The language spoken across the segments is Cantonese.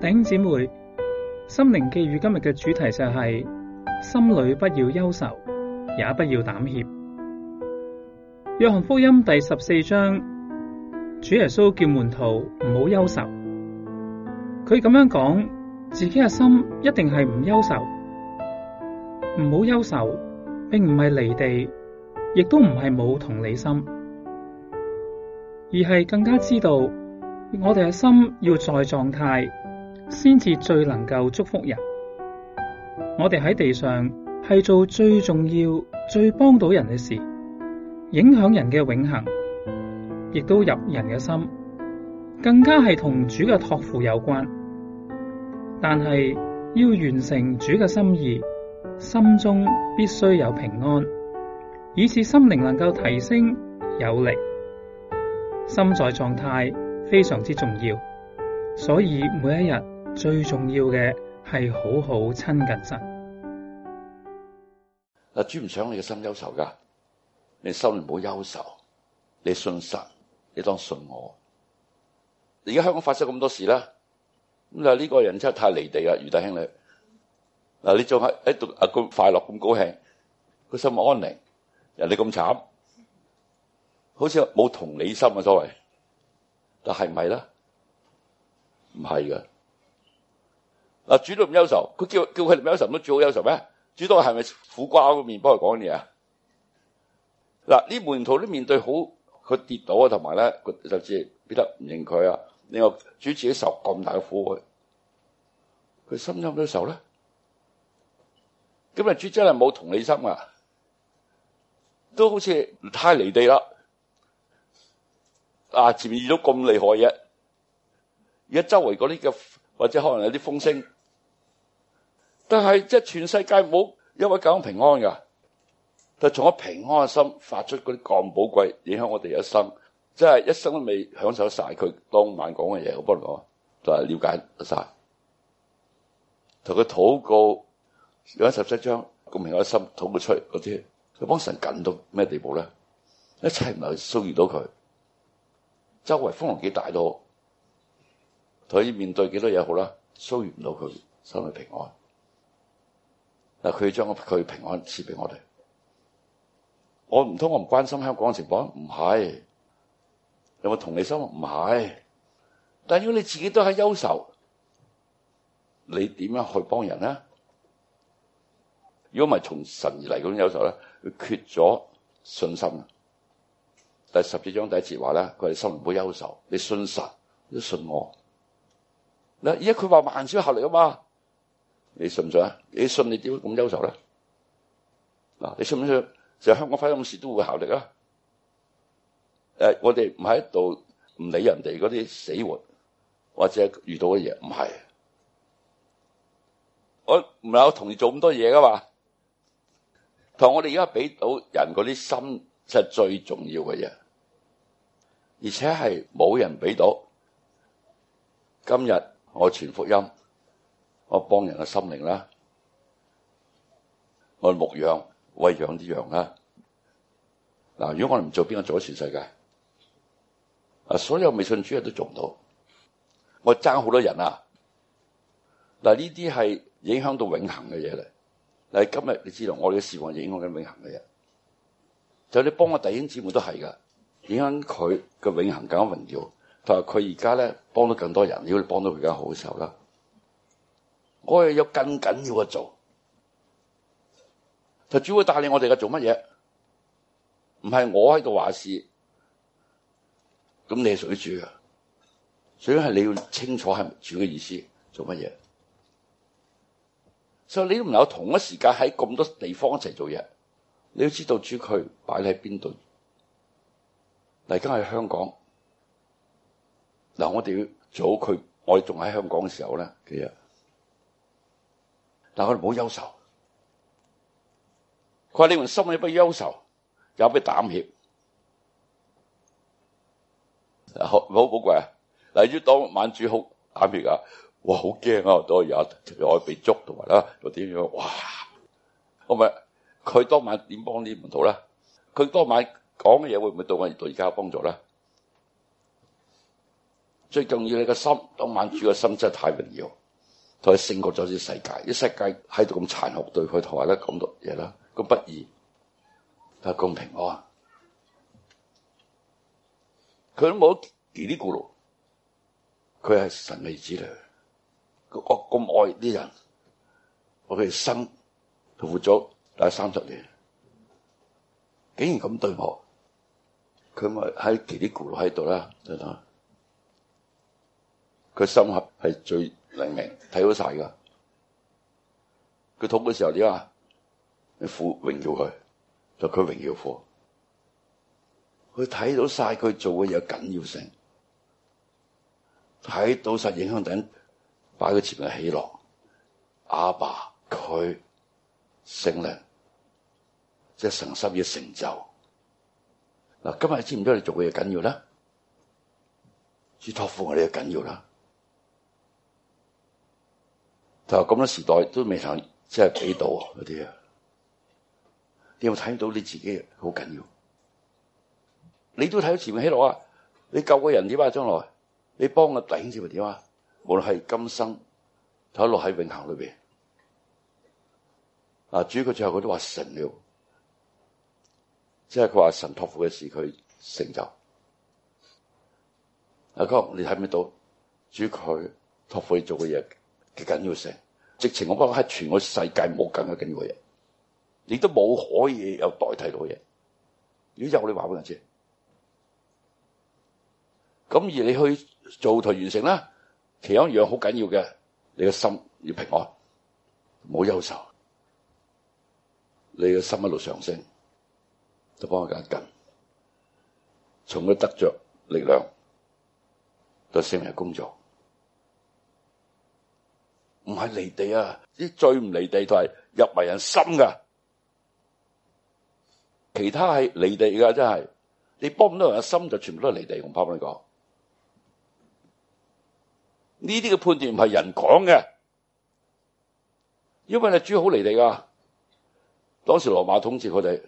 弟兄姐妹，心靈寄語今日嘅主題就係、是、心裡不要憂愁，也不要膽怯。約翰福音第十四章，主耶穌叫門徒唔好憂愁。佢咁樣講，自己嘅心一定係唔憂愁，唔好憂愁，並唔係離地，亦都唔係冇同理心，而係更加知道我哋嘅心要在狀態。先至最能夠祝福人，我哋喺地上係做最重要、最幫到人嘅事，影響人嘅永恆，亦都入人嘅心，更加係同主嘅託付有關。但係要完成主嘅心意，心中必須有平安，以至心靈能夠提升有力，心在狀態非常之重要。所以每一日。最重要嘅係好好親近神。主唔想你嘅心憂愁噶，你心唔好憂愁，你信神，你當信我。而家香港發生咁多事啦，咁嗱呢個人真係太離地啦。余大兄你嗱，你仲喺度阿咁快樂咁高興，佢心冇安寧，人哋咁慘，好似冇同理心嘅所謂，但係唔係啦，唔係㗎。主都咁憂愁，佢叫叫佢唔憂愁都最好憂愁咩？主都係咪苦瓜個面幫佢講嘢啊？嗱，呢門徒都面對好佢跌倒啊，同埋咧佢甚至變得唔認佢啊。另外，主自己受咁大嘅苦，佢心有幾多受咧？咁啊，主真係冇同理心啊，都好似唔太離地啦。啊，前面遇到咁厲害嘅嘢，而家周圍嗰啲嘅或者可能有啲風聲。但係即係全世界冇一位咁平安噶但係從平安嘅心發出嗰啲咁寶貴，影響我哋一生，即係一生都未享受晒佢當晚講嘅嘢。好不佢講，就係了解晒，同佢禱告。有十七章，咁平安嘅心禱佢出嗰啲，佢幫神緊到咩地步咧？一切唔係騷擾到佢，周圍風浪幾大都好，可以面對幾多嘢好啦，騷擾唔到佢，心裏平安。嗱，佢將佢平安賜俾我哋。我唔通我唔關心香港嘅情況？唔係有冇同理心？唔係。但如果你自己都係憂愁，你點樣去幫人呢？如果唔係從神而嚟嗰種憂愁咧，佢缺咗信心。第十四章第一節話咧，佢哋心唔好憂愁，你信神都信我。嗱，而家佢話萬事效力啊嘛。你信唔信啊？你信你點會咁憂愁？咧？嗱，你信唔信？就是、香港發生事都會效力啊！誒、呃，我哋唔喺度唔理人哋嗰啲死活，或者遇到嘅嘢唔係，我唔係我同意做咁多嘢噶嘛？同我哋而家俾到人嗰啲心，就係、是、最重要嘅嘢，而且係冇人俾到。今日我傳福音。我幫人嘅心靈啦，我牧羊，餵養啲羊啦。嗱，如果我哋唔做，邊個做咗全世界？啊，所有未信主嘅人都做唔到。我爭好多人啊。嗱，呢啲係影響到永恒嘅嘢嚟。但嗱，今日你知道我哋嘅事奉影響緊永恒嘅人，就是、你幫我弟兄姊妹都係噶，影響佢嘅永恒更加榮耀。但係佢而家咧幫到更多人，如果你幫到佢更好嘅時候啦。我又有更緊要嘅做，就主會帶領我哋嘅做乜嘢？唔係我喺度話事，咁你係屬於主嘅，所以係你要清楚係主嘅意思，做乜嘢？所以你都唔有同一時間喺咁多地方一齊做嘢，你要知道主佢擺喺邊度。嚟緊喺香港，嗱我哋要做好佢。我哋仲喺香港嘅時候咧，其實。佢唔好憂愁，佢話：你們心裡不憂愁，有不膽怯，好寶貴啊！例如當晚主好膽怯啊，哇好驚啊，都有我被捉同埋啦，又點樣？哇！唔係佢當晚點幫你唔到咧？佢當晚講嘅嘢會唔會對我到而家有幫助咧？最重要你心，你個心當晚主嘅心真係太榮耀。就喺勝過咗啲世界，啲世界喺度咁殘酷對佢，同下咧咁多嘢啦，咁不易，係公平安。佢都冇嘰哩咕嚕，佢係神兒子嚟，我咁愛啲人，我嘅心活咗大三十年，竟然咁對我，佢咪喺嘰哩咕嚕喺度啦？佢心核係最。明明睇到晒㗎。佢痛嘅時候點啊？你富榮耀佢，就佢榮耀父。佢睇到晒佢做嘅嘢緊要性，睇到晒影響等擺佢前面嘅喜樂。阿爸佢聖靈，即係神心嘅成就。嗱，今日知唔知道你做嘅嘢緊要啦？主托付我哋嘅緊要啦。就咁多時代都未曾，即係幾到嗰啲啊？你有冇睇到你自己好緊要，你都睇到前面起落啊！你救個人點啊？將來你幫個弟兄點啊？無論係今生睇落喺永恒裏邊，啊主佢最後佢都話成了，即係佢話神託付嘅事佢成就。阿哥,哥，你睇唔睇到主佢託付你做嘅嘢？嘅緊要性，直情我覺得喺全世界冇更加緊要嘅嘢，你都冇可以有代替到嘅嘢。如果真係我哋話俾你知，咁而你去做台完成啦，其一樣好緊要嘅，你的心要平安，冇憂愁，你的心一路上升，就幫佢緊一緊，從佢得着力量到成日工作。唔係離地啊！啲最唔離地就係入埋人心㗎。其他係離地㗎，真係你幫唔到人嘅心就全部都係離地。我唔怕幫你講，呢啲嘅判斷唔係人講嘅，因為你主好離地㗎。當時羅馬統治佢哋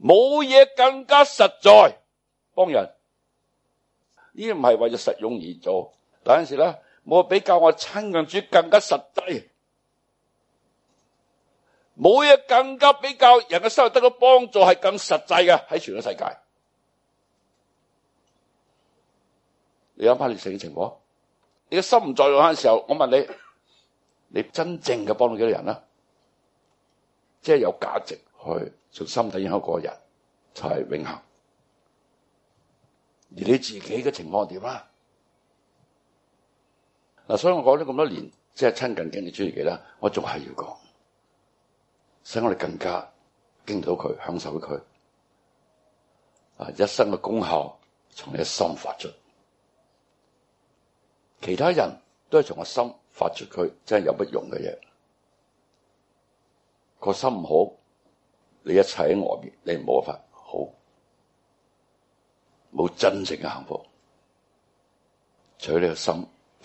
冇嘢更加實在幫人，呢啲唔係為咗實用而做，但係呢。冇比較我的親近主更加實際，冇嘢更加比較人嘅生活得到幫助是更實際嘅喺全世界。你有你呢啲情況？你的心唔在用。嗰陣時候，我問你，你真正嘅幫到幾多少人呢，即係有價值去從心底影響個人，就係、是、永恆。而你自己嘅情況點啊？所以我講咗咁多年，即係親近經你主耶穌啦，我仲係要講，使我哋更加敬到佢，享受佢一生嘅功效從你的心發出，其他人都係從我心發出佢，真係有不用嘅嘢？個心唔好，你一切喺外面，你冇辦法好，冇真正嘅幸福，在你的心。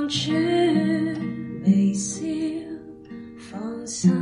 望住微笑，放心。